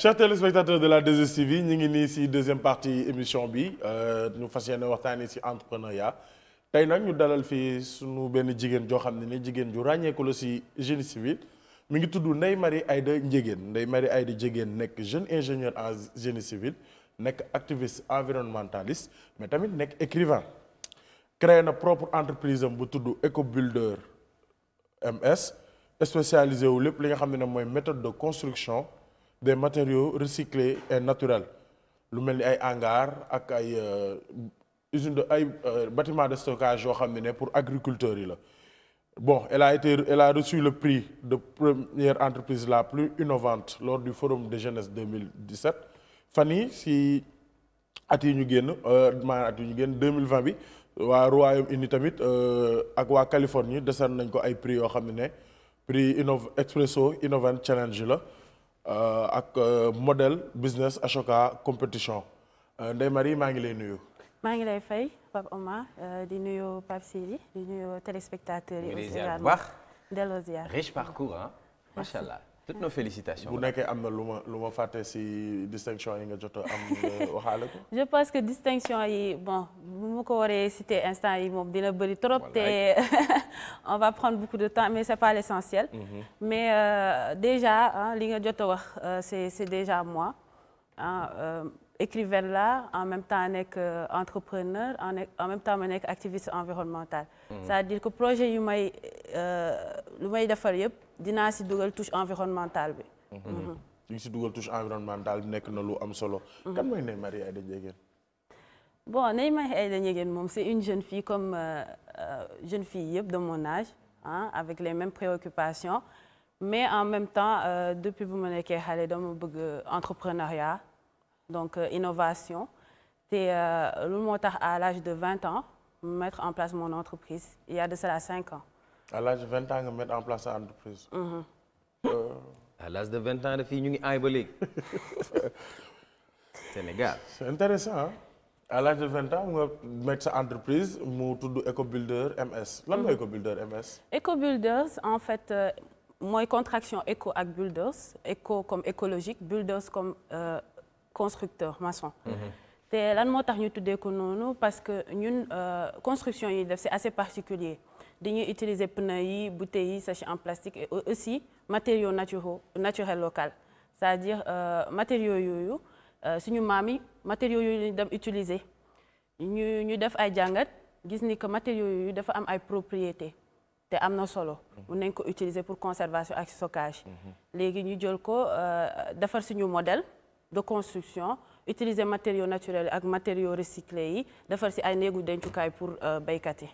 chers téléspectateurs de la 2STV ñu ngi nii ci deuxième partie émission bi euh, ñu fas yéene waxtaanee ci entrepreneuriat tey nag ñu dalal fii suñu benn jigéen joo xam ne ni jigéen ju ràññeeku la ci génie civil mi ngi tudd Ndeye Marie Aïda Ndiéguène Ndeye mari Aïda Ndiéguène nekk jeune ingénieur en génie civil nekk activiste environnementaliste mais tamit nekk écrivain créé na propre entreprise am bu tudd Ecobuilder MS spécialisé wu lépp li nga xam ne mooy méthode de construction des matériaux recyclés et naturels lu mel ni ay hangar ak ay euh, usine de ay euh, bâtiment de stockage yoo xam ne ne pour agriculteurs yi la bon elle a été elle a reçu le prix de première entreprise la plus innovante lors du forum de jeunesse 2017 fan yii si at yi ñu génn euh, maanaam at yi ñu génn bi waa Royaume-Uni tamit ak waa Californie desal nañ ko ay prix yoo xam ne ne prix Innov Expresso Innovant Challenge la Euh, ak euh, modèle business Ashoka compétition euh, Ndeye Marie maa ngi lay nuyu. maa ngi lay fay Pape Omar di nuyu Pape Sidi di nuyu téléspectateurs yi. aussi bu baax delloo ziar riche allah. toutes nos félicitations bu nekkee am na lu ma lu ma fàtte si distinction yi nga jot am waxaale ko. je pense que distinction yi bon bu ma ko waree citer instant yi moom dina bëri trop te. on va prendre beaucoup de temps mais c'est pas l'essentiel. Mm-hmm. mais euh, déjà li nga jot a wax euh, c'est c'est déjà moi ah écrivaine la en même temps nekk euh, entrepreneur en même temps ma nekk activiste environnemental. Mm-hmm. c'est-à-dire que projet yu may lu may defar yëpp dinaa si dugal touche environnementale bi. Mm-hmm. li nga si dugal touche environnementale nekk na lu am solo. bon Naïma Aïda Ndiéguène moom c'est une jeune fille comme euh, euh jeune fille yëpp de mon âge ah avec les mêmes préoccupations mais en même temps euh, depuis bu ma nekkee xale dama bëgg entrepreneuriat donc euh, innovation te euh, le moo tax à l'âge de vingt ans mettre en place mon entreprise il y a de cela cinq ans. à l'âge de vingt ans nga mettre en place entreprise. Mm-hmm. Euh. à l'âge de ans de fii ñu ngi aay ba intéressant à l'âge de vingt ans nga mettre sa entreprise mu tudd Ecobuilder MS lan mooy Ecobuilder MS. Mm. Ecobuilders en fait euh, mooy contraction éco ak builders éco comme écologique builders comme euh, constructeur maçon. Mm-hmm. te lan moo tax ñu tuddee ko noonu parce que ñun euh, construction yi def c'est assez particulier dañuy utiliser pneus yi bouteilles yi sachets en plastique et aussi matériaux naturels naturels locaux c'est-à-dire euh, matériaux yooyu. Euh, suñu maam yi matériaux yooyu dem utiliser ñu ñu def ay jàngat gis ni que matériaux yooyu dafa am ay propriété te am na solo mhm. mu nañ ko utiliser pour conservation ak stockage mhm. léegi ñu jël ko euh, defar suñu modèle de construction utiliser matériaux naturels ak matériaux recyclés yi defar si ay néegu dencukaay pour euh, béykat yi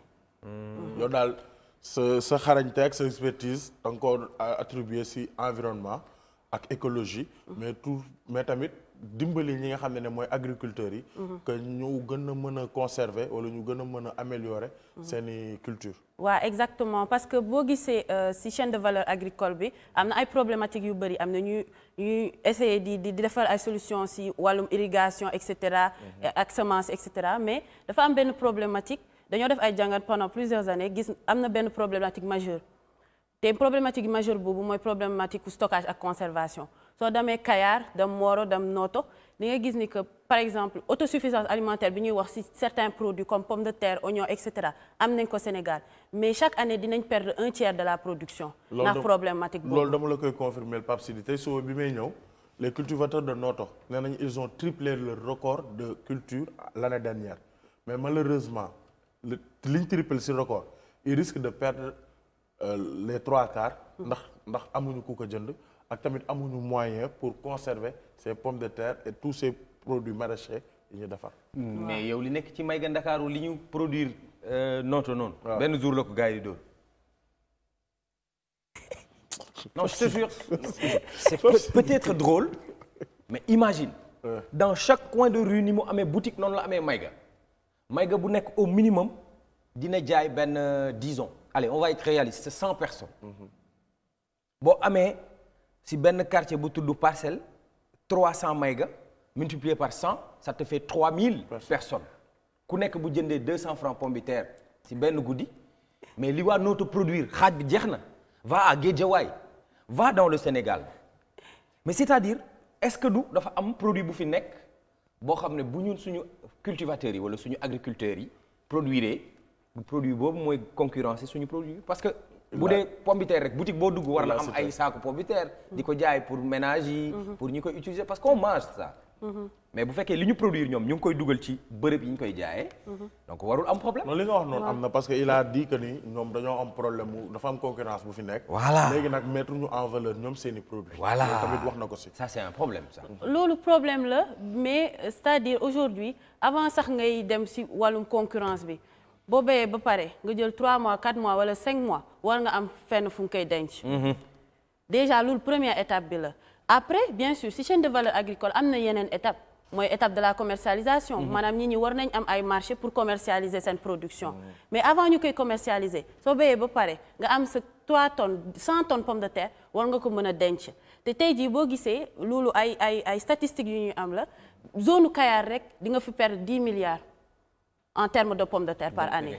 hmm. mhm. yow daal sa sa xarañte ak sa expertise da nga attribuer si environnement ak écologie mais tout mais tamit dimbali ñi nga xam ne mooy agriculteurs yi mhm. que ñu gën a mën a conserver wala ñu gën a mën a améliorer mhm. seeni culture waaw ouais, exactement parce que boo gisee euh, si chaîne de valeur agricole bi am na ay problématiques yu bëri am na ñuy ñuy essayer di di defar ay solutions si wàllum irrigation et cetera mhm. ak semence et cetera mais dafa am benn problématique dañoo def ay jàngat pendant plusieurs années gis am na benn problématique majeure te problématique majeure boobu mooy problématique stockage ak conservation soo demee Kayar dem Moro dem Noto ni nga gis ni que par exemple autosuffisance alimentaire bi ñuy wax ci certains produits comme pomme de terre oignon et cetera am nañ ko Sénégal mais chaque année dinañ perdre un tiers de la production. ndax problématique boobu loolu dama la koy confirmer Pape Sidi tey suba bi may ñëw les cultivateurs de Noto nee nañ ils ont triplé le record de culture l'année dernière mais malheureusement li liñ triplé ci record ils risquent de perdre euh, les trois quarts. ndax ndax amuñu ku ko jënd. ak tamit amuñu moyen pour conserver ces pommes de terre e tous ces produits maraîchers yi ñu defar. Hmm. mais yow li nekk ci Mayga Ndakaaru li ñu produire euh, nooto noonu. benn jour la ko gars yi di doon. non c'est peut-être drôle mais imagine. dans chaque coin de rue ni mu amee boutique noonu la amee Mayga. Mayga bu nekk au minimum dina jaay benn euh, disons allez on va être réaliste c'est cent personnes. Mm-hmm. boo amee. si benn quartier bu tudd parcelle 300 mayga multiplié par cent ça trois mille 3000 personnes ku nekk bu jëndee 200 francs pomme de terre si benn guddi mais li waa nootu produire xaaj bi jeex na va à Guédiawaye va dans le Sénégal mais c'est-à-dire est-ce que du dafa am produit bu fi nekk boo xam ne bu ñun suñu cultivateurs yi wala suñu agriculteurs yi produire produit boobu mooy concurrencer suñu produit parce bu dee pombiteer rek boutique boo dugg war na am ay saaku pombiteer mhm. di ko jaay pour ménage yi mhm. pour ñi koy utiliser parce qu'on mange ça mhm. mais bu fekkee li ñu produire ñoom ñu ngi koy dugal ci bërëb yi ñu koy jaayee donc warul am problème non li nga wax noonu am na parce que il a dit ñoom dañoo am problème mu dafa am concurrence bu fi nekk voilà léegi nag mettre ñu en valeur ñoom seeni produit voilà tamit wax na ko si ça c'est un loolu problème la mais c'est-à-dire avant sax ngay dem si wàllum concurrence bi boo béyee ba pare nga jël 3 mois 4 mois wala cinq mois war nga am fenn fu nga koy denc. Mhm. déjà loolu première étape bi la. après bien sûr si chaîne de valeur agricole am na yeneen étape mooy étape de la commercialisation. Mhm. maanaam ñi ñi war nañ am ay marché pour commercialiser seen production. mais avant ñu koy commercialiser soo bayee ba pare nga am sa trois tonnes cent tonnes pomme de terre war nga ko mën a denc te tey jii boo gisee loolu ay ay ay statistiques yu ñuy am la zone Kayar rek di nga fi perdre 10 en terme de pommes de terre par année.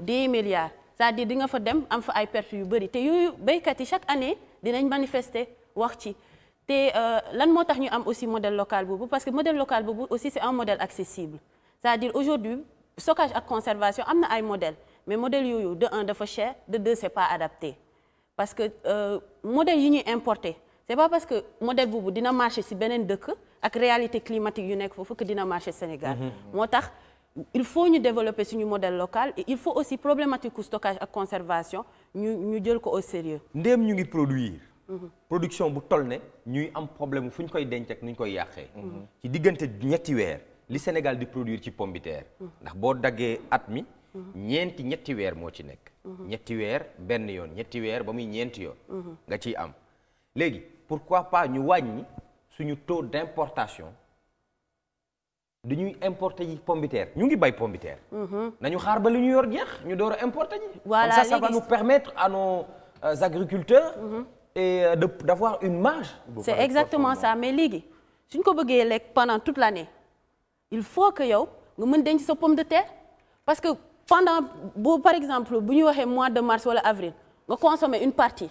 10 milliards c'est-à-dire di nga fa dem am fa ay pertes yu bëri te yooyu béykat yi chaque année dinañ manifester wax ci. te euh, lan moo tax ñu am aussi modèle local boobu parce que modèle local boobu aussi c'est un modèle accessible c'est-à-dire aujourd'hui stockage ak conservation am na ay modèles mais modèle yooyu de un dafa cher de deux c'est pas adapté parce que euh, modèle yi ñuy importé c'est pas parce que modèle boobu dina marché si beneen ak réalité climatique yu nekk foofu que dina marché Sénégal mm-hmm. moo tax. il faut ñu développer suñu modèle local il faut aussi problématique u stockage ak conservation ñu ñu jël ko au sérieux ñu ngi produire mhm. production bu toll ne ñuy am problème fu ñu koy denc ak nu ñu koy yàqee mhm. ci diggante ñetti weer li Sénégal di produire ci pomme mhm. ndax boo daggee at mi ñeenti ñetti weer moo ci nekk ñetti weer benn yoon ñetti weer ba muy ñeenti yoon nga ciy am léegi pourquoi pas ñu wàññi suñu taux d'importation dañuy importer ji pombiteer ñu ngi bay pombiteer mhm. nañu xaar ba lu ñu yor jeex ñu door a importer ji voilà comme ça ça à nos euh, agriculteurs mhm. et euh, de d'avoir une marge c'est exactement ça mais léegi suñ ko bëggee lekk pendant toute l'année il faut que yow nga mën denc sa pomme de terre parce que pendant boo par exemple bu ñu waxee mois de mars wala avril nga consommer une partie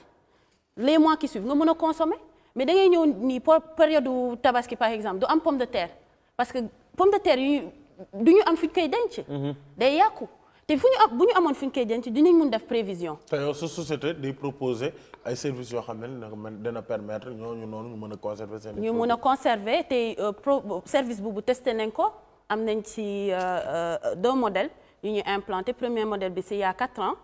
les mois qui suivent nga mën a consommer mais da ngay ñëw nii période tabaski par exemple du am pomme de terre parce que pomme de terre yu du ñu am fuñ koy denc. Mhm. day yàqu te fu ñu am bu ñu amoon fu ñu koy denc dinañ mun def prévision. te yow sa société day proposer ay services yoo xam ne nag man dana permettre ñooñu noonu ñu mën a conserver seen ñu mën a conserver te euh, pro service boobu testé nañ ko am nañ ci euh, euh, deux modèles yu ñu implanté premier modèle bi c'est il y a quatre ans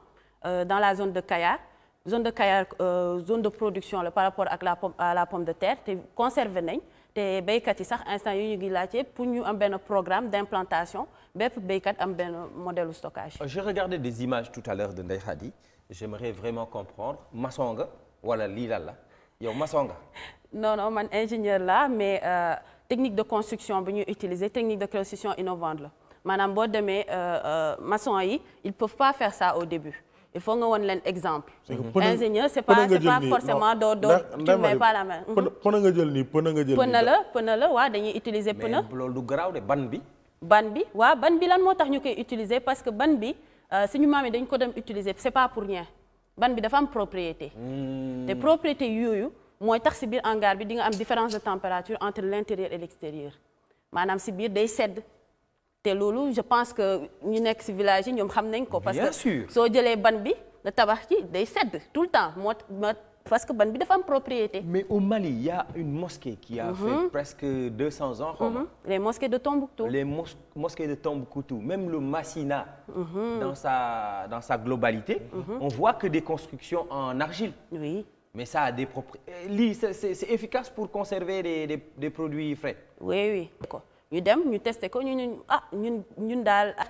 dans la zone de Kayar. zone de Kayar euh, zone de production la par rapport ak la pomme à la pomme de terre te conservé nañ te béykat yi sax instant yi ñu ngi laajte pour ñu am benn programme d'implantation bépp béykat am benn modèle stockage. Euh, je regardais des images tout à l'heure de Ndeye Khady j'aimerais vraiment comprendre maçon nga wala lii lan la yow masonga nga. man ingénieur la mais euh, technique de construction bi ñu utiliser technique de construction innovante la maanaam boo demee euh, euh, maçon yi il peuvent pas faire ça au début. il faut nga woon leen exemple. ingénieur c'est pas c'est pas forcément doo doo. tu mets a la main. pënë mhm. nga jël nii pënë nga jël. pënë la pënë la waaw dañuy utiliser pënë. mais loolu ban bi. ban bi waaw ban bi lan moo tax ñu koy utiliser parce que ban bi euh, suñu maam yi dañ ko dem utiliser c'est pas pour rien ban bi dafa am propriété. Hmm. te propriété yooyu mooy tax si biir hangar bi di nga am différence de température entre l'intérieur et l'extérieur maanaam si biir day sedd. te loolu je pense que ñu nekk ci village yi ñoom xam nañ ko. parce que soo jëlee ban bi nga tabax ci day sedd tout le temps moo parce que ban bi dafa am propriété. mais au Mali y a une mosquée. qui a mhm. fait presque deux cents ans. Mm -hmm. les mosquées de Tombouctou. les mos mosquées de Tombouctou même le Massina. Mm -hmm. dans sa dans sa globalité. Mhm. on voit que des constructions en argile. oui mais ça a c'est efficace pour conserver des des, des produits frais. oui oui d'accord. ñu dem ñu teste ko ñu ñu ah ñun ñun daal. Ah.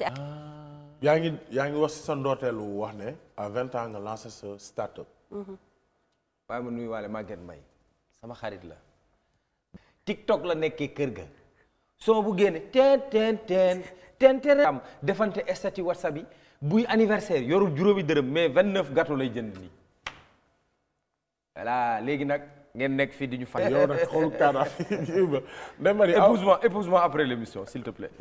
yaa ngi yaa ngi wax si sa ndorteelu wax ne à vingt ans nga lancé sa start up. Mhm. waaye ma nuyuwaale Maguette Mbaye sama xarit la. TikTok la nekkee kër ga. soo bu génne teen teen teen teen teen am defante estati whatsapp yi buy anniversaire yorul juróomi dërëm mais vingt neuf gato lay jënd nii voilà léegi nag. ngeen nekk fii di ñu fay. yow nag xoolu Kadhafi kii ba. Ndeye Marie épouse-moi épouse-moi après l'émission s'il te plaît.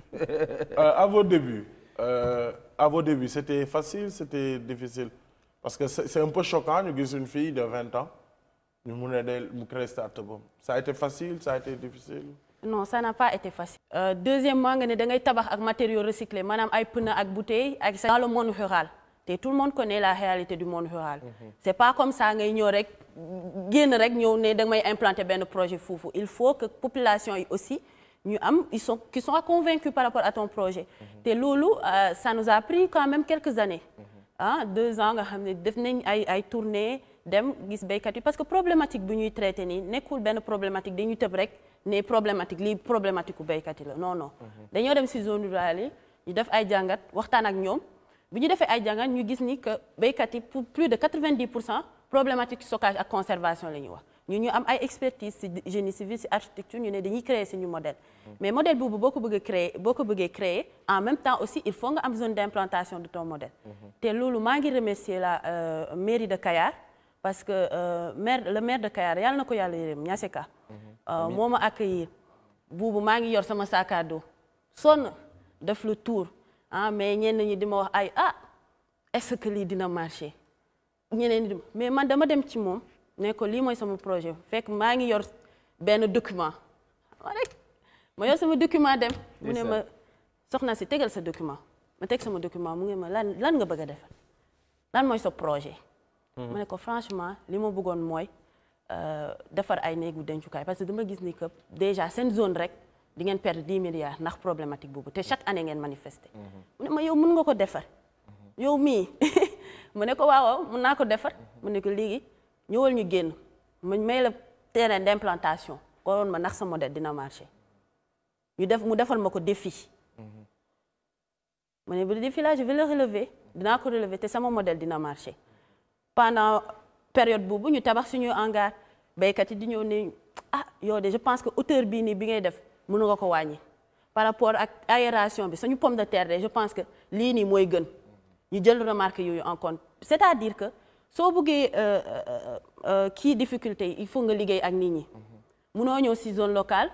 Euh, à vos débuts euh, à c'était facile c'était difficile parce que c'est un peu choquant ñu gis une fille de vingt ans ñu mun a de mu créer start-up ça a été facile ça a été difficile. non ça n'a pas été facile. Euh, deuxièmement nga ne da ngay tabax ak matériaux recyclés maanaam ay pneus ak bouteilles ak. dans le monde rural. te tout le monde connaît la réalité du monde rural. Mhm. c' est pas comme ça ngay ñëw rek génn rek ñëw ne da may implanter benn projet foofu il faut que population yi aussi ñu am ils sont qui sont par rapport à ton projet. Mhm. te loolu euh, ça nous a pris quand même quelques années. Mhm. ah deux ans nga xam ne def nañ ay ay tournée dem gis béykat yi parce que problématique bu ñuy traité nii nekkul benn problématique dañuy tëb rek ne problématique li problématique ku béykat yi la non non. dañoo dem si zone rurale yi ñu def ay jàngat waxtaan ak ñoom. bu ñu defee ay jàngat ñu gis ni que béykat yi pour plus de 90 pour cent problématique stockage ak conservation la ñuy wax ñu ñu am ay expertise ci génie civil ci architecture ñu ne dañuy créer suñu modèle mm-hmm. mais modèle boobu boo ko bëggee créer boo ko bëggee créer en même temps aussi il faut nga am zone d'implantation de ton modèle mm-hmm. te loolu maa ngi remercier la euh, mairie de Kayar parce que euh, maire le maire de Kayar yàlla na ko yàlla yërëm Niasseka mm-hmm. euh, moo ma accueillir buubu maa ngi yor sama sac à dos sonn le tour ah mais ñenn ñi di ma wax ay ah est-ce que lii dina marché ñeneen di mais man dama dem ci moom ne ko lii mooy sama projet fekk maa ngi yor benn document ma rek ma sama document dem. mu ne ma soxna si tegal sa document ma teg ma document mu ne ma lan lan nga bëgg a defal lan mooy sa projet. Mhm. ma ne ko franchement li ma buggoon mooy euh, defar ay néegu dencukaay parce que dama gis ni que déjà seen zone rek. di ngeen perdre dix milliards ndax problématique boobu te chaque année ngeen manifester. Mhm. mu ne ma yow mun nga ko defar. Mhm. yow mii mu ne ko waaw mun naa ko defar. Mhm. mu ne ko léegi ñëwal ñu génn mu may la terrain d'implantation koroon ma ndax sa modèle dina marché ñu def mu defal ma ko défi. mu ne bu défi là je vais le relever dinaa ko relever te sama modèle dina marché pendant période boobu ñu tabax suñuy hangar béykat yi di ñëw ne ah yow de je pense que hauteur bii nii bi ngay def. mënu nga ko wàññi par rapport ak aération bi suñu pomme de terre de je pense que lii nii mooy gën ñu jël remarque yooyu en compte c'est-à-dire que soo buggee euh, euh, euh, kii difficulté yi il faut nga liggéey ak nit ñi munoo ñëw si zone locale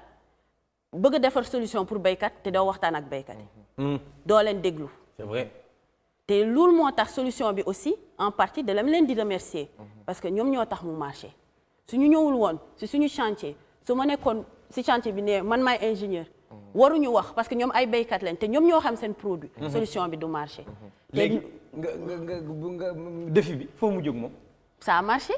bëgg a defar solution pour baykat te doo waxtaan ak béykat yi mm-hmm. doo leen déglu te loolu moo tax solution bi aussi en partie de la leen di remercier mm-hmm. parce que ñoom ñoo tax mu marché su ñu ñëwul woon ci suñu chantier su ma nekkoon si chantier bi ne man maay ingénieur waruñu wax parce que ñoom ay béykat lañ te ñoom ñoo xam seen produit mhm. solution bi du marché mhm. léegi nga nga nga défi bi foo mu jóg moom ça marché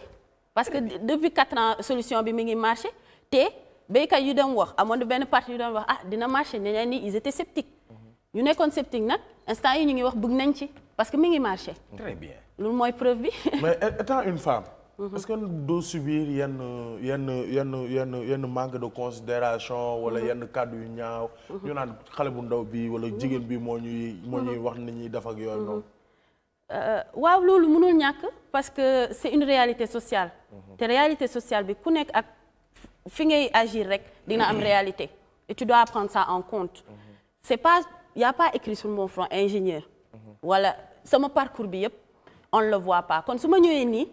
parce que depuis quatre ans solution bi mi ngi marché te béykat yu doon wax amoon na benn parti yu doon wax a ah, dina marché ñeneen ñi ils étaient sceptiques mhm. ñu nekkoon sceptique nag instant yi ñu ngi wax bëgg nañ ci parce que mi ngi marché très loolu mooy preuve bi mais étant une femme parce mm-hmm. que doo subir yenn yenn yenn yenn yenn manque de considération wala mm-hmm. yenn kàddu yu ñaaw. Mm-hmm. ñu naan xale bu ndaw bi wala jigéen bi moo ñuy. moo ñuy wax nañuy ñuy def ak yooyu noonu. Euh, waaw loolu mënul ñàkk parce que c'est une réalité sociale. te réalité sociale bi ku nekk ak fi ngay agir rek dina am réalité. et tu dois prendre ça en compte. c'est pas y a pas écrit sur mon front ingénieur. wala sama parcours bi yépp on le voit pas kon su ma ñëwee nii.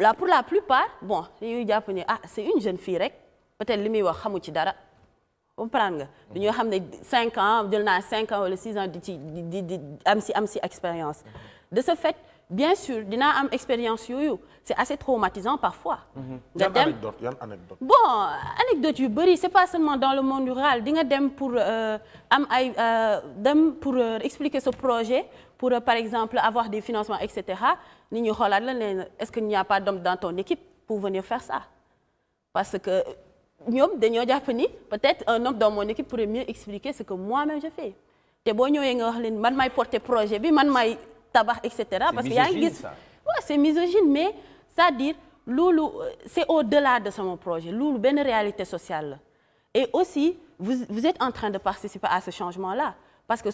là pour la plupart bon dañuy jàpp ne ah c'est une jeune fille rek peut-être li muy wax xamu ci dara comprendre nga. dañoo xam ne 5 ans jël naa 5 wala 6 di ci di di am si am si expérience. de ce fait bien sûr dina am expérience yooyu c'est assez traumatisant parfois. Mhm. nga dem yan anecdote bon anecdote yu bari c'est pas seulement dans le monde rural di nga dem pour euh, am ay euh, dem pour euh, expliquer ce projet pour par exemple avoir des financements et cetera. nit ñi xoolaat la ne est-ce qu'il n'y a pas d'homme dans ton équipe pour venir faire ça parce que ñoom dañoo jàpp ni peut-être un homme dans mon équipe pourrait mieux expliquer ce que moi-même je fais te boo ñëwee nga wax leen man maay porter projet bi man maay tabax et cetera. parce que yaa ngi gis waaw c'est misogyne mais ça à dire loolu c'est au-delà de sama projet loolu benn réalité sociale la et aussi vous vous êtes en train de participer à ce changement-là parce que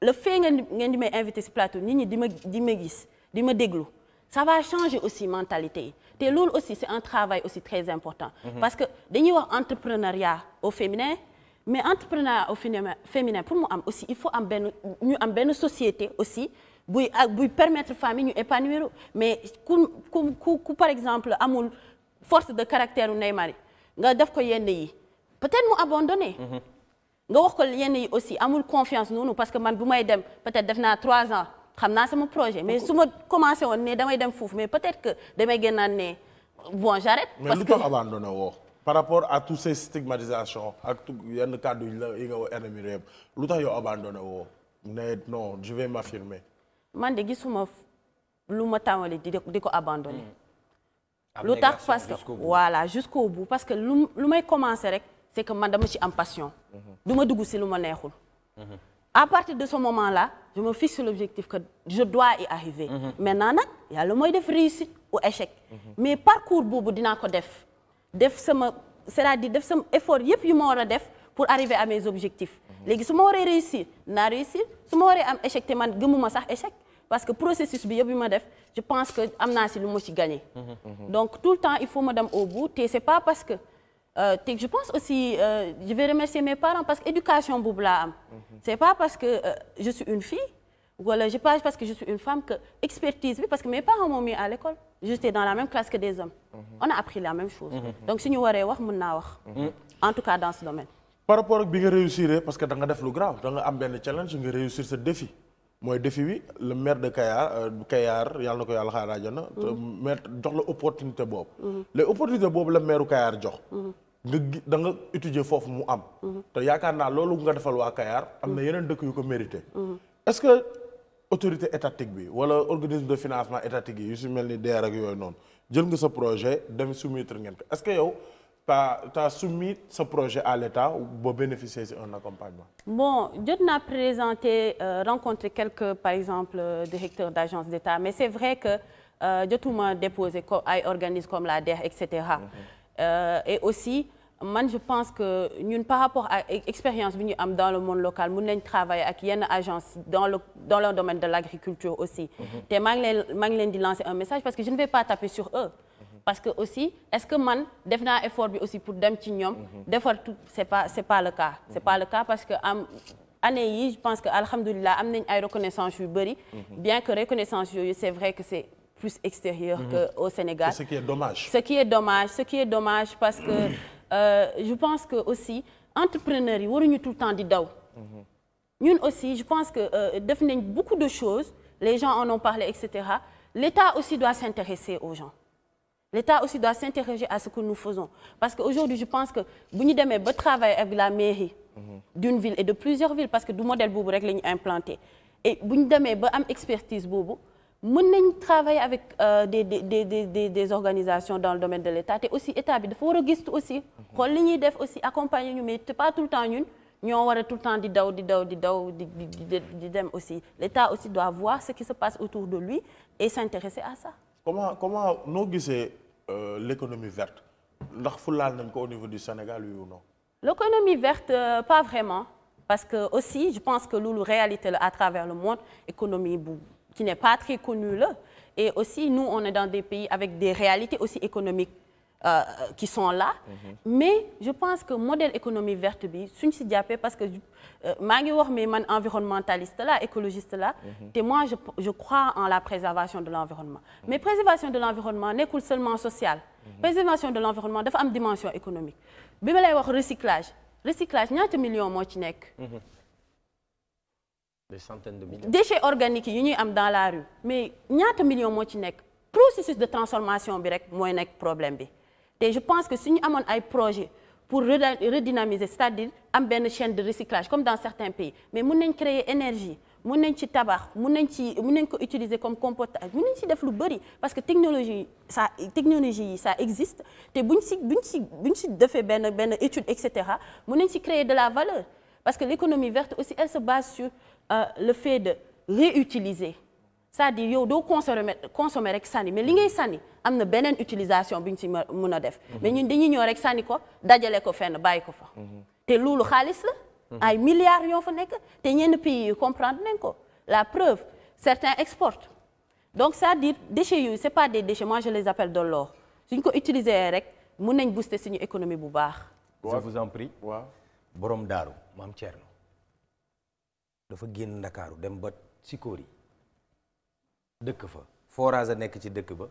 le fait ngeen di di may invité ci plateau ñi di ma di ma gis. di ma déglu ça va changer aussi mentalité yi te loolu aussi c'est un travail aussi très important mhm. parce que dañuy wax entrepreneuriat au féminin mais entrepreneuriat au féminin pour mu am aussi il faut am benn ñu am benn société aussi buy ak buy permettre famille ñu épanouir mais ku ku ku par exemple amul force de caractère u Neymar nga def ko yenn yi peut-être mu abandonné mhm. nga wax ko yenn yi aussi amul confiance noonu parce que man bu may dem peut-être def naa trois ans xam naa sama projet mais su ma commencé woon ne damay dem foofu mais peut-être que damay génnaan ne bon j'arrête. parce que mais lu tax par rapport à tous ces stigmatisations ak yenn kàddu la yi nga woo ennemi réew lu tax yow abandonné woo ne non je vais m'affirmer. man de gisuma lu ma tàmbali de di ko abandonné. Hmm. lu tax parce que voilà jusqu'au bout parce que lu lu may commencer rek c'est que man dama ci am passion. Hmm. du ma dugg si lu ma neexul. Hmm. à partir de ce moment la je me fixe l'objectif que je dois y arriver mm -hmm. maintenant nag yàlla mooy def réussite ou échec mm mais parcours boobu dinaa ko def def sama c'est-à-dire def sama effort yëpp yu ma war a def pour arriver à mes objectifs mhm. léegi su ma waree réussir naa réussir su ma waree am échec te man gëmuma sax échec parce que processus bi yëpp bi ma def je pense que am naa si lu ma ci gagné mhm. Mhm. donc tout le temps il faut ma dem te c'est pas parce que Euh, te je pense aussi euh, je vais remercier mes parents parce que éducation boobu laa am. Mhm. c'est pas parce que euh, je suis une fille. wala je pas parce que je suis une femme que expertise bi parce que mes parents m'ont à l'école j'étais dans la même classe que des hommes. Mhm. on a appris la même chose. Mhm. donc suñu waree wax mën naa wax. en tout cas dans ce domaine. par rapport ak bi réussir parce da nga def lu grave da nga défi. mooy défi bi le maire de Kayar euh, Kayar yàlla na ko yàlla xaar na te mhm. maire jox la opportunité boobu mhm. les opportunité boobu la maireu Kayar jox mhm. nga gi da nga étudier foofu mu am te yaakaar naa loolu nga defal waa kayaar am na yeneen dëkk yu ko mérité est-ce que autorité étatique bi wala organisme de financement étatique yi yu si mel ni DER ak yooyu noonu jël nga sa projet dem soumettre ngeen ko est-ce que yow t'as t'as soumis ce projet à l'État boo bénéficier si un accompagnement. bon jot na présenter euh, rencontrer quelques par exemple euh, directeurs d'agence d'État mais c'est vrai que euh, jotuma euh, déposer comme ay organismes comme la DER et cetera. Mm-hmm. Euh, et aussi man je pense que ñun par rapport à e, expérience bi ñu am dans le monde local mun nañ travailler ak yenn agence dans le dans le domaine de l'agriculture aussi. Mm-hmm. te maa ngi leen maa lancer un message parce que je ne vais pas taper sur eux. parce que aussi est-ce que man def naa effort bi aussi pour dem ci ñoom. Mhm. defar tout c'est pas c'est pas le cas. c'est pas le cas parce que am année yi je pense que alhamdulilah am nañ ay reconnaissance yu bëri. Mhm. bien que reconnaissance yooyu c'est vrai que c'est plus extérieur mhm. que au Sénégal. ce qui est dommage. ce qui est dommage ce qui parce que euh, je pense que aussi entrepreneurs yi waruñu tout le temps di daw. ñun aussi je pense que euh, def nañ beaucoup de choses les gens en ont parlé et cetera l'État aussi doit s'intéresser aux gens. L'État aussi doit s'interroger à ce que nous faisons parce que aujourd'hui je pense que bu ñu demee ba travailler avec la mairie d'une ville et de plusieurs villes parce que du modèle boobu rek la ñu implanté et bu ñu demee ba am expertise boobu mën nañ travailler avec euh, des des des des des organisations dans le domaine de l'État te aussi État bi dafa war a gëstu aussi xool li ñuy def aussi accompagner ñu mais te pas tout le temps ñun ñoo war a tout le temps di daw di daw di daw di di di dem à ça comment comment noo gisee euh, l'économie verte ndax fulaal nañ ko au niveau du Sénégal oui ou non. l'économie verte euh, pas vraiment parce que aussi je pense que loolu réalité la à travers le monde économie bu qui n'est pas très connue là et aussi nous on est dans des pays avec des réalités aussi économiques. Euh, euh, qui sont là. Mm mais je pense que modèle économie verte bi suñ si jàppee parce que euh, maa ngi wax mais man environnementaliste la écologiste la. Mhm. te moi je je crois en la préservation de l'environnement. Mm -hmm. mais préservation de l'environnement nekkul seulement sociale. Mm -hmm. préservation de l'environnement dafa am dimension économique. bi ma lay wax recyclage recyclage ñaata millions moo ci nekk. Mhm. des déchets organiques yi ñuy am dans la rue mais ñaata millions moo ci nekk processus de transformation bi rek mooy nekk problème bi. te je pense que su ñu amoon ay projet pour redynamiser c'est-à-dire am benn chaîne de recyclage comme dans certains pays mais mun nañ créer énergie mun nañ ci tabax mun nañ ci mun nañ ko utiliser comme compostage mun nañ ci def lu bëri parce que technologie ça technologie yi ça existe te buñ si buñ si buñ si defee benn benn étude et cetera mun nañ ci créer de la valeur parce que l'économie verte aussi elle se base sur euh, le fait de réutiliser c'est-à-dire yow doo consommer rek sànni mais li ngay sànni am na beneen utilisation bi ñu si ma mun a def. Mhm. mais ñun dañuy ñëw rek sànni ko dajale ko fenn bàyyi ko fa. Mhm. te loolu xaalis la. Mhm. ay milliards yow fa nekk te ñenn pays yu comprendre nañ ko la preuve certains exportent donc c'est-à-dire déchets yooyu c'est pas des déchets moi les appelle de l'or suñ ko utiliser rek mun nañ booster suñu économie bu baax. je vous en prie. waaw borom daaru maam Thierno dafa génn Ndakaaru dem ba Sikori. dëkk fa forage a nekk ci dëkk ba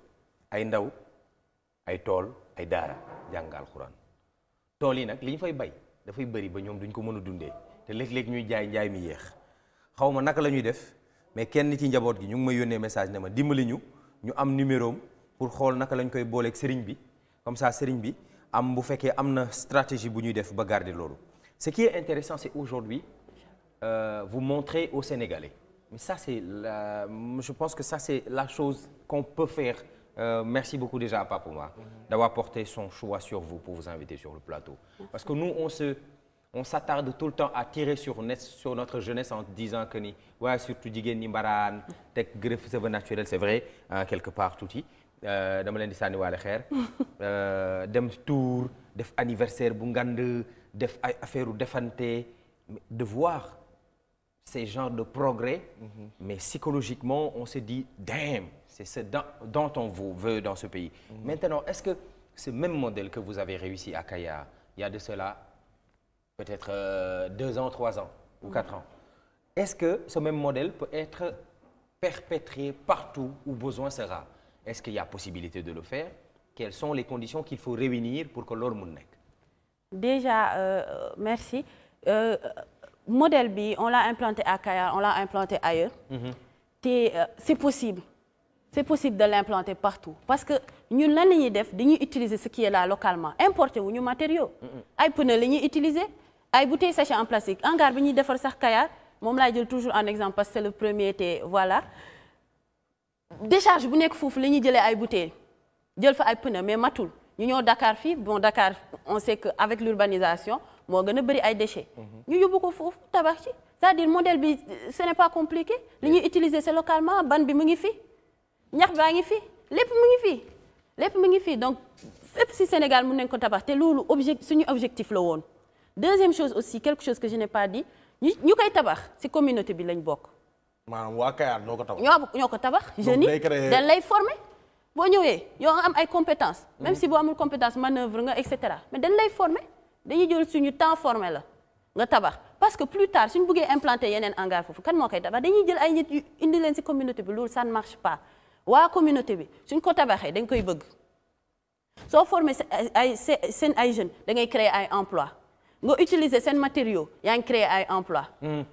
ay ndaw ay tool ay daara jàng alxuraan tool yi nag li ñu fay bay dafay bëri ba ñoom duñ ko mën a dundee te léeg-léeg ñuy jaay njaay mi yéex xaw ma naka la ñuy def mais kenn ci njaboot gi ñu ngi may yónnee message ne ma dimbali ñu ñu am numéro pour xool naka lañ koy booleeg sëriñ bi comme ça sëriñ bi am bu fekkee am na stratégie bu ñuy def ba garde loolu ce qui est intéressant c'est aujourd'hui euh, vous montrer aux Sénégalais mais ça c'est la... je pense que ça la chose qu'on peut faire euh, merci beaucoup déjà à Pape Oumar d'avoir porté son choix sur vous pour vous inviter sur le plateau parce que nous on se on s'attarde tout le temps à tirer sur net, sur notre jeunesse en disant que ni waaye ouais, surtout jigéen ñi mbaraan teg greffe cheveux naturel c'est vrai hein, quelque part tuuti euh, dama leen di sànniwaale xeer euh, dem tour def anniversaire bu ngand def ay affaire defante de voir ces genres de progrès, mm -hmm. mais psychologiquement, on se dit, damn, c'est ce dont on vous veut dans ce pays. Mm -hmm. Maintenant, est-ce que ce même modèle que vous avez réussi à Kaya, il a de cela peut-être euh, deux ans, trois ans ou mm quatre ans, est-ce que ce même modèle peut être perpétré partout où besoin sera Est-ce qu'il y a possibilité de le faire Quelles sont les conditions qu'il faut réunir pour que l'or Déjà, euh, euh modèle bi on l'a implanté à Kayar on l'a implanté ailleurs. Mhm. te euh, c'est possible. c'est possible de l'implanter partout parce que ñun lan la ñuy def dañuy utiliser ce qui est là localement importer wu ñu matériaux. Mhm. ay pneus la ñuy utiliser ay bouteilles sachet en plastique hangar bi ñuy defar sax Kayar moom laay jël toujours en exemple parce que le premier te voilà décharge bu nekk foofu la ñuy jëlee ay bouteilles jël fa ay pneus mais matul ñu ñëw dakaar fii bon dakaar on sait que avec l'urbanisation moo gën a bëri ay déchets. Mhm. ñu yóbbu ko foofu tabax ci c'est-à-dire modèle bi ce n'est pas compliqué li ñuy utiliser c'est localement ban bi mu ngi fi ñax baa ngi fi lépp mu ngi fi lépp mu ngi fi donc fépp si Sénégal mën nañ ko tabax te loolu objectif suñu objectif la woon. deuxième chose aussi quelque chose que je n'ai pas dit ñu ñu koy tabax si communauté bi lañ bokk. maanaam waa Kayar ñoo ko tabax. ñoo ñoo ko tabax. jeunes yi dañ lay former. boo ñëwee yow am ay compétence même mhm. si boo amul compétence manœuvre nga et cetera mais dañ lay former. dañuy jël suñu temps formé la nga tabax parce que plus tard suñu bëggee implanter yeneen hangar foofu kan moo koy tabax dañu jël ay nit yu indi leen ci communauté bi loolu ça marche pas waa communauté bi suñ ko tabaxee dañ koy bëgg soo former ay seen ay jeunes da créer ay emploi nga utiliser seen matériaux yaa ngi créer ay emploi hmm.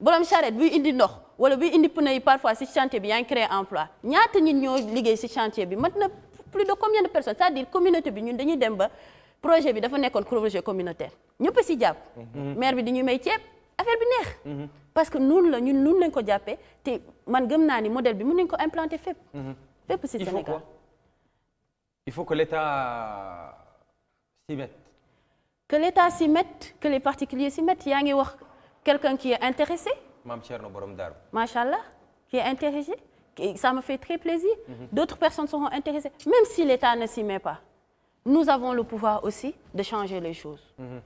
borom charrette buy indi ndox wala buy indi pneu yi parfois ci chantier bi yaa ngi créer emploi ñaata nit ñoo liggéey ci chantier bi mat na plus de combien de personnes cest à communauté bi ñun dañuy dem ba projet bi dafa nekkoon projet communautaire ñëpp si jàpp. Mhm. maire bi di may ceeb affaire bi neex. Mhm. parce que noonu la ñun noonu lañ ko jàppee te man gëm naa ni modèle bi mun nañ ko implanter fépp. Mhm. fépp si Sénégal il faut quoi il faut que l'État s'y mette. que l'État si mette que les particuliers si mettent yaa ngi wax quelqu'un qui est intéressé. maam Thierno Borom Darou. macha allah qui est intéressé ça me fait très plaisir. d'autres personnes seront intéressées même si l'État ne s'y met pas. nous avons le pouvoir aussi de changer les choses. Mhm.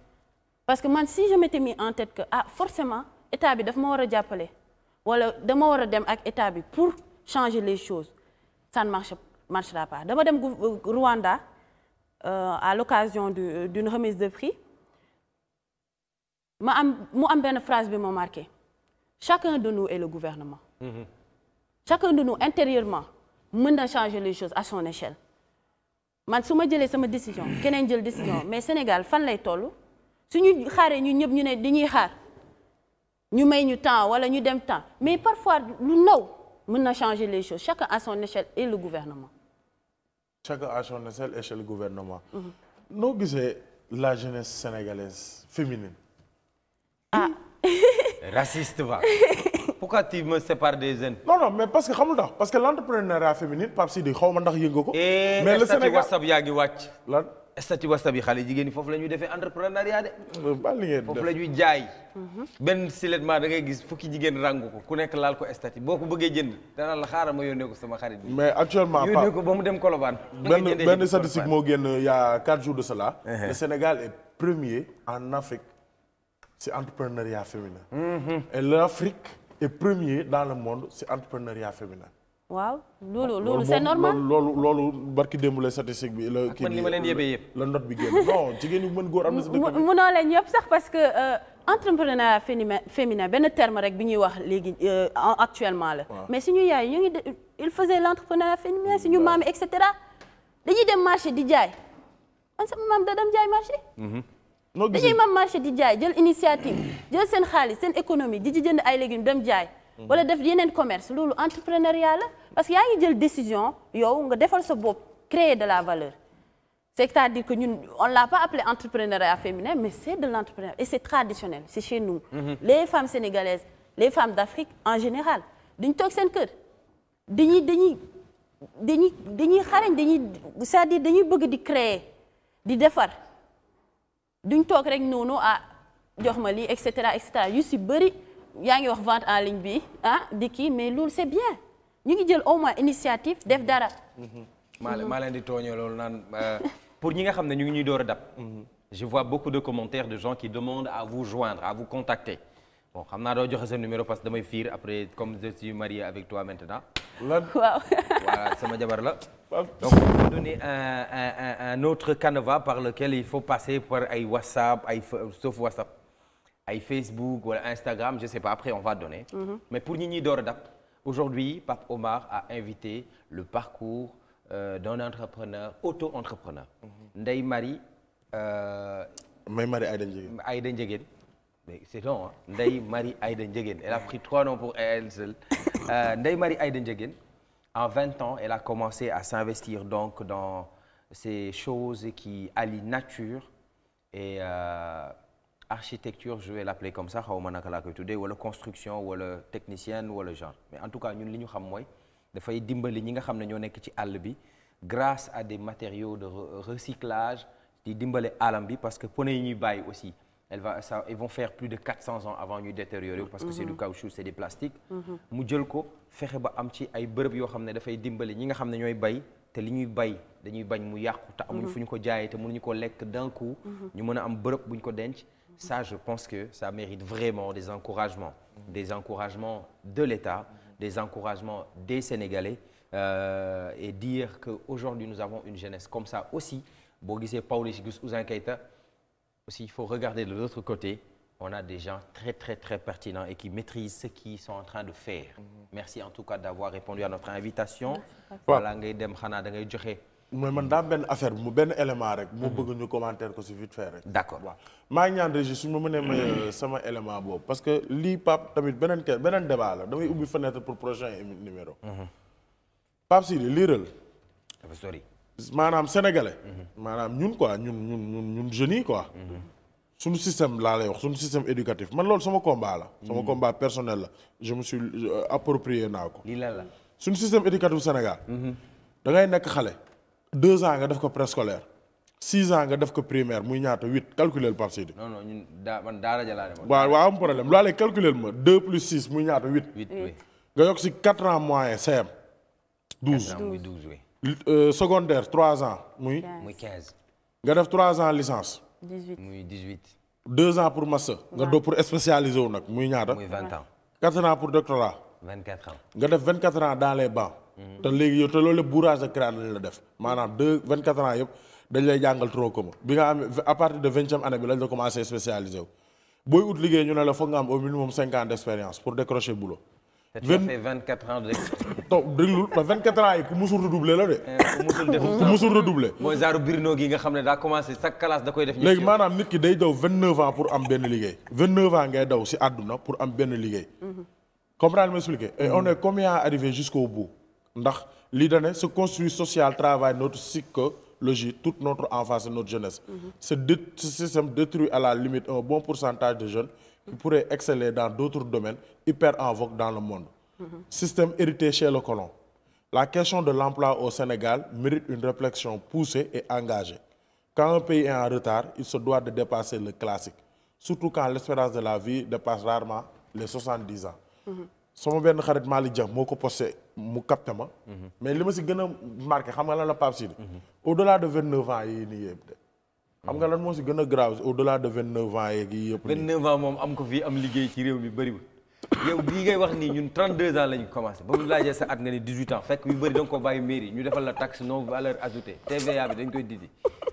parce que man si je m'étais mis en tête que ah forcément état bi daf ma war a jàppale wala dama war a dem ak état bi pour changer les choses ça ne marche marchera pas dama dem euh, Rwanda euh, à l'occasion du euh, d'une remise de prix ma am mu am benn phrase bi ma marqué chacun de nous est le gouvernement. Mmh. chacun de nous intérieurement mën na changer les choses à son échelle. man su ma jëlee sama décision keneen jël décision mais Sénégal fan lay toll suñu xaaree ñu ñëpp ñu ne dañuy xaar ñu may ñu temps wala ñu dem temps mais parfois lu ndaw mën na changer les choses chacun à son échelle et le gouvernement. chacun à son échelle échelle gouvernement. Mhm. noo gisee la jeunesse sénégalaise féminine. ah. raciste pourquoi tu me sépares des jeunes. mais parce que xamul tax parce que l'entrepreneuriat féminin Pape Sidi xaw ma ndax yëngu ko. Eh, mais le WhatsApp yaa ngi wàcc. lan WhatsApp yi xale jigéen foofu lañuy ñuy defee entrepreneuriat de. Euh, ba li foofu la jaay. Mhm. benn siletement da ngay gis fukki jigéen rangu ko ku nekk laal ko statut boo ko bëggee jënd danaa la xaaral ma yónnee ko sama xarit bi. mais actuellement Pape yónnee ko ba mu dem Colobane. benn benn statistique moo génn il y a quatre jours uh-huh. premier en Afrique ci entrepreneuriat féminin. Mhm. et et premier dans le monde si entrepreneuriat féminin. waaw loolu loolu c'est normal loolu loolu barki démb la statistique bi la. kii bi la note bi génn non jigéen ñi mën góor am na si dëkk bi. mënoo leen yëpp sax parce que euh, entrepreneuriat féminin féminin benn terme rek bi ñuy wax léegi euh, actuellement la. mais suñu yaay ñu ngi il faisait l'entrepreneuriat féminin suñu maam et cetera dañuy dem marché di jaay man sama maam da dem jaay marché. Mm-hmm. dañuy mam marché di jaay jël initiative jël seen xaalis seen économie di ci jënd ay légumes dem jaay mhm. wala def yeneen commerce loolu entrepreneuriat la parce que yaa ngi jël décision yow nga defal sa bopp créer de la valeur c'est-à-dire que ñun on l'a pas appelé entrepreneuriat féminin mais c'est de l'entrepreneuriat et c'est traditionnel c'est chez mhm. les femmes sénégalaises les femmes d'Afrique en général duñ toog seen kër dañuy dañuy dañuy dañuy xarañ dañuy cest à dañuy bëgg di créer di defar duñ toog rek noonu ah jox ma lii et cetera et cetera yu si bëri yaa ngi wax vente en ligne bi ah di kii mais loolu c'est bien ñu ngi jël au moins initiative def dara. Mm-hmm. maa maa leen di tooñee loolu naan euh, pour ñi nga xam ne ñu ngi ñuy door a dap mm-hmm. je vois beaucoup de commentaires de gens qui demandent à vous joindre à vous contacter xam naa doo joxe sa numéro parce que damay fiir après comme je suis marié avec toi maintenant. lan waaw sama jabar la. donc on donné un, un, autre canevas par lequel il faut passer par ay WhatsApp ay sauf WhatsApp ay Facebook wala Instagram je sais pas après on va donner mhm. mais pour ñi ñuy door a dab aujourd'hui Pape Omar a invité le parcours euh, d'un entrepreneur auto-entrepreneur mm -hmm. Ndeye Marie euh, Ndeye elle a pris trois noms pour elle seule euh, Marie Aïda Ndiéguène en vingt ans elle a commencé à s'investir donc dans ces choses qui ali nature et euh, architecture je vais l'appeler comme ça xaw ma naka laa koy tuddee wala construction wala technicienne wala genre mais en tout cas ñun li ñu xam mooy dafay dimbali ñi nga xam ne ñoo nekk ci àll bi grâce à des matériaux de recyclage di dimbale alam bi parce que pneu yi ñuy bàyyi aussi elle va ça ils vont faire plus de 400 ans avant ñuy détériorer parce que c'est du mm-hmm. caoutchouc c'est des plastiques mm-hmm. mu jël ko fexe ba am ci ay bërëb yoo xam ne dafay dimbali ñi nga xam ne ñooy bay te li ñuy bay dañuy bañ mu yàqu te amuñu mm-hmm. fu ñu ko jaayee te mënuñu ko lekk d'un coup ñu mën a am bërëb bu ñu ko denc ça je pense que ça mérite vraiment des encouragements des encouragements de l'État des encouragements des Sénégalais euh, et dire que aujourd'hui nous avons une jeunesse comme ça aussi boo gisee Pawlish gis Ouzin Keïta aussi, il faut regarder de l'autre côté. On a des gens très, très, très pertinents et qui maîtrisent ce qu'ils sont en train de faire. Mhm. Merci en tout cas d'avoir répondu à notre invitation. voilà ngay dem xanaa da ngay joxe. mooy man daam benn affaire mu benn élément rek. moo mhm. bëgg ñu commentaire ko si vite fait rek. d'accord waaw ñaan régie su ma mënee may mhm. euh, sama élément boobu parce que li Pape tamit beneen kii beneen débat la damay ubbi fenêtre pour prochain numéro. Pape maanaam sénégalais. maanaam ñun quoi ñun ñun ñun ñun jeunes yi quoi. suñu système laa lay wax suñu système éducatif man loolu sama kombaala la. sama hmm. combat personnel la je me suis euh, approprié naa ko. lii la la suñu système éducatif Sénégal. Hmm. da ngay nekk xale. deux ans nga def ko préscolaire six ans nga def ko primaire muy ñaata huit calculer par Sidi. non non ñun daa man daara ja laa demoon. waaw waaw am problème loolee calculer ma deux plus six muy ñaata huit. huit nga yokk si quatre ans moyen CM. Euh, secondaire trois ans muy. muy quinze. nga def trois ans licence. dix huit muy dix huit. deux ans pour master. nga do pour spécialisé wu nag muy ñaata. quatre ans pour doctorat. nga def vingt quatre ans dans les mm-hmm. te léegi te loolu yëpp bourrage de crâne lañ la def maanaam deux vingt quatre ans yëpp dañ lay jàngal trop commun bi nga am à partir de vingtième année bi lañ la commencé spécialisé wu. booy ut liggéey ñu ne la foog nga am au minimum cinq ans d' expérience tu as fait 24 ans de. donc déglul 24 ans yi eh, mooy genre birino gi nga xam ne daa commencé chaque classe def. léegi maanaam nit ki day daw 29 ans pour am benn liggéey. 29 ans ngay daw si àdduna pour am benn liggéey. Mm-hmm. comprendre ma expliquer. et on combien à jusqu'au bout. ndax lii da ne se construit social travail notre psychologie toute notre enfance et notre jeunesse. Mm-hmm. ce dé système détruit à la limite un bon pourcentage de jeunes. qui pourrait exceller dans d'autres domaines hyper en vogue dans le monde. Mmh. Système hérité chez le colon. La question de l'emploi au Sénégal mérite une réflexion poussée et engagée. Quand un pays est en retard, il se doit de dépasser le classique, surtout quand l'espérance de la vie dépasse rarement les 70 ans. sama benn xarit Malick Dia moo ko posté mu capté ma. Mhm. mais li ma si gën a marqué xam nga lan la Pape Sidi. Mhm. au de vingt neuf ans yii nii xam nga lan moo si gën a grave au delà de vingt neuf ans yeeg yii yëpp. vingt neuf moom am ko fii am liggéey ci réew mi bëriwul yow bii ngay wax nii ñun 32 ans lañu commencé ba mu laajee sa at nga ni 18 ans fekk yu bëri da ko bàyyi mairie ñu defal la taxe non valeur ajoutée TVA bi dañ koy didi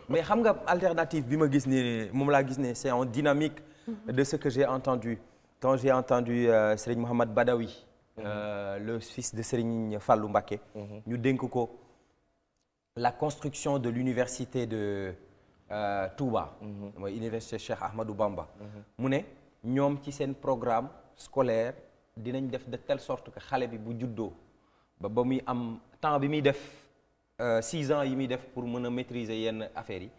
mais xam nga alternative bi ma gis ne moom laa gis ne c'est en dynamique de ce que j'ai entendu quand j'ai entendu euh, Serigne Mohamed Badawi euh, le fils de Serigne Fallou Mbacké mhm. ñu dénk ko la construction de l'université de Euh, Touba. Mhm. mooy université Cheikh Ahmadou Bamba. Mhm. mu ne ñoom ci seen programme scolaire dinañ def de telle sorte que xale bi bu juddoo ba ba muy am temps bi muy def euh, six ans yi muy def pour mën a maîtriser yenn affaires yi.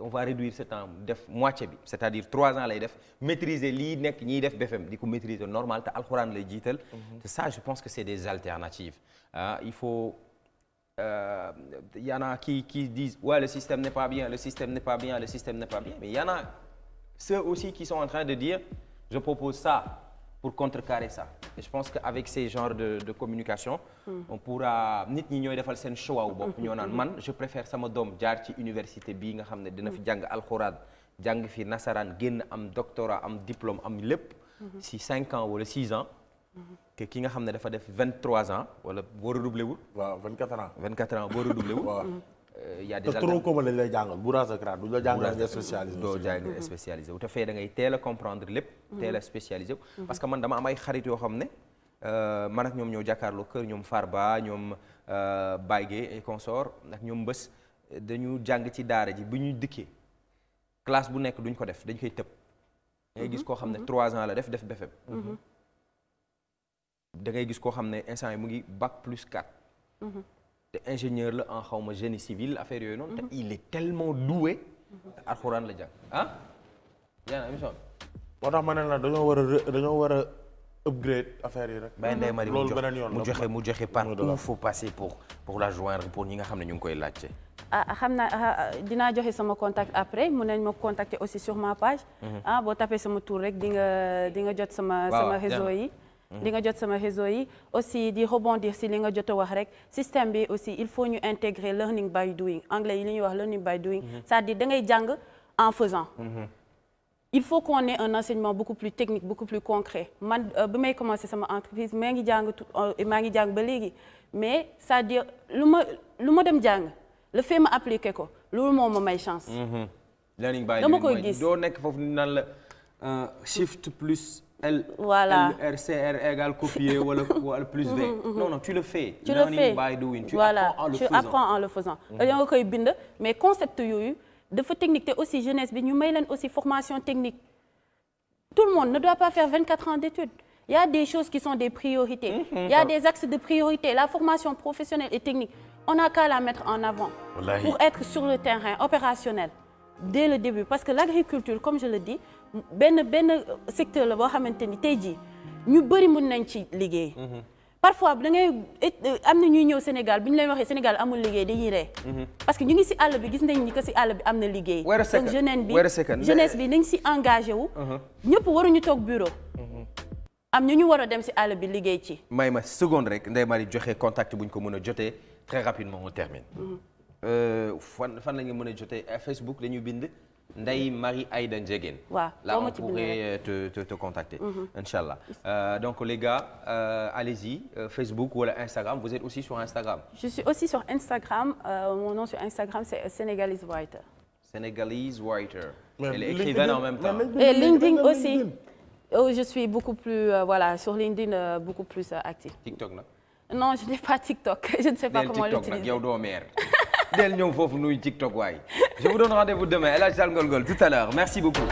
on va réduire ce temps def moitié bi c'est-à-dire trois ans lay def maîtriser lii nekk ñiy def BFM di ko maîtriser normal te alxuraan lay jiital. Mhm. te ça je pense que c'est des alternatives ah il faut. euh, y en a qui, qui disent ouais le système n'est pas bien, le système n'est pas bien, le ceux aussi qui sont en train de dire je propose ça pour contrecarrer ça. Et je pense qu'avec ces genres de, de communication, mm. on pourra nit ñi ñooy defal seen choix wu bopp ñoo naan hmm. man je préfère sama doom jaar ci université bii nga xam ne dina fi hmm. jàng alxuraan jàng fi nasaraan génn am doctorat am diplôme am lépp. Hmm. si cinq ans wala six ans. que ki nga xam ne dafa def vingt trois ans wala boo redoublé wul. waaw vingt quatre ans vingt quatre ans boo redoublé wul. waaw euh, y lañ lay jàngal bourrage de crâne du la jàngal nga spécialisé doo jàng nga mm-hmm. spécialisé wu te fee da ngay teel a comprendre lépp mm-hmm. teel a spécialisé wu mm-hmm. parce que man dama am ay xarit yoo xam ne euh, man ak ñoom ñoo jàkkaarloo kër ñoom Farba ñoom euh, Baye et consort ak ñoom Mbës dañu jàng ci daara ji bu ñu dikkee classe bu nekk duñ ko def dañ koy tëb. ngay gis koo xam ne trois ans la def def BFEM da ngay gis koo xam ne instant yi mu ngi bac plus 4. Mhm. te ingénieur la en xawma génie civil affaire yooyu noonu. te mhm. il est tellement doué. te alxuraan la jàng ah. yaa émission moo tax ma ne la dañoo war a dañoo war a upgrade affaire yi rek. bàyyi Ndeye Marie mu joxe mu joxe par où faut passer pour pour la joindre pour ñi nga xam ne ñu ngi koy laajte. ah, ah xam naa ah, ah, dinaa joxe sama contact après mun nañ ma contacter aussi sur ma page. Mhm. boo tapee sama tour rek di nga di jot sama. sama réseau yi. di nga jot sama réseau yi aussi di rebondir si li nga jot a wax rek système bi aussi il faut ñu intégrer learning by doing anglais yi li ñu wax learning by doing mhm. c'est-à-dire da ngay jàng en faisant mhm. il faut qu'on ait un enseignement beaucoup plus technique beaucoup plus concret man euh, bi may commencé sama entreprise maa ngi jàng euh, maa ngi jàng ba léegi mais c'est-à-dire lu ma lu ma dem jàng le fait ma appliquer ko loolu moo ma may chance. Mhm. learning by doing dama koy gis doo nekk foofu naan la euh, shift plus. L voilà L CR égale wala wala plus mhm, V. Mhm, mhm. non tu le fais. tu le fais by doing tu voilà. apprends en le faisant tu apprends en le faisant. dañoo nga koy bind mais concept yooyu dafa technique te aussi jeunesse bi ñu may leen aussi formation technique. tout le monde ne doit pas faire 24 ans d'études il y a des axes de priorité la formation professionnelle et technique on n'a qu'à la mettre en avant. pour être sur le terrain opérationnel dès le début parce que l'agriculture comme je le dis. benn benn secteur la boo xamante ni tey ji ñu bëri mun nañ ci liggéey. parfois da ngay am na ñuy ñëw Sénégal bu ñu leen waxee Sénégal amul liggéey dañuy ree parce que ñu ngi si àll bi gis nañ ni que si àll bi am na liggéey. donc jeunesse bi jeunesse bi nañ si engagé wu. Uh-huh. ñëpp waruñu toog bureau. Uh-huh. am ñu ñu war a dem si àll bi liggéey ci. may ma seconde rek Ndeye Marie joxe contact bu ñu ko mën a jotee très rapidement on termine. Uh-huh. Euh, fan fan la nga mën a jotee Facebook dañuy bind. Ndeye Marie Aïda Ndiégène. waaw là on pourrait euh, te te te contacter. Mhm. incha allah euh, donc les gars euh, allez-y Facebook wala Instagram vous êtes aussi sur Instagram. je suis aussi sur Instagram mon nom sur Instagram c'est Senegalese Writer. Senegalese Writer. elle est écrivaine en même temps. et LinkedIn aussi. Oh, je suis beaucoup plus voilà sur LinkedIn beaucoup plus active. TikTok nag. non je n'ai pas TikTok je ne sais pas comment l'utiliser. yow doo meer. del ñëw foofu nuyu TikTok waay je vous donne rendez-vous demain El Hadj Sall Ngolngol tout à l'heure merci beaucoup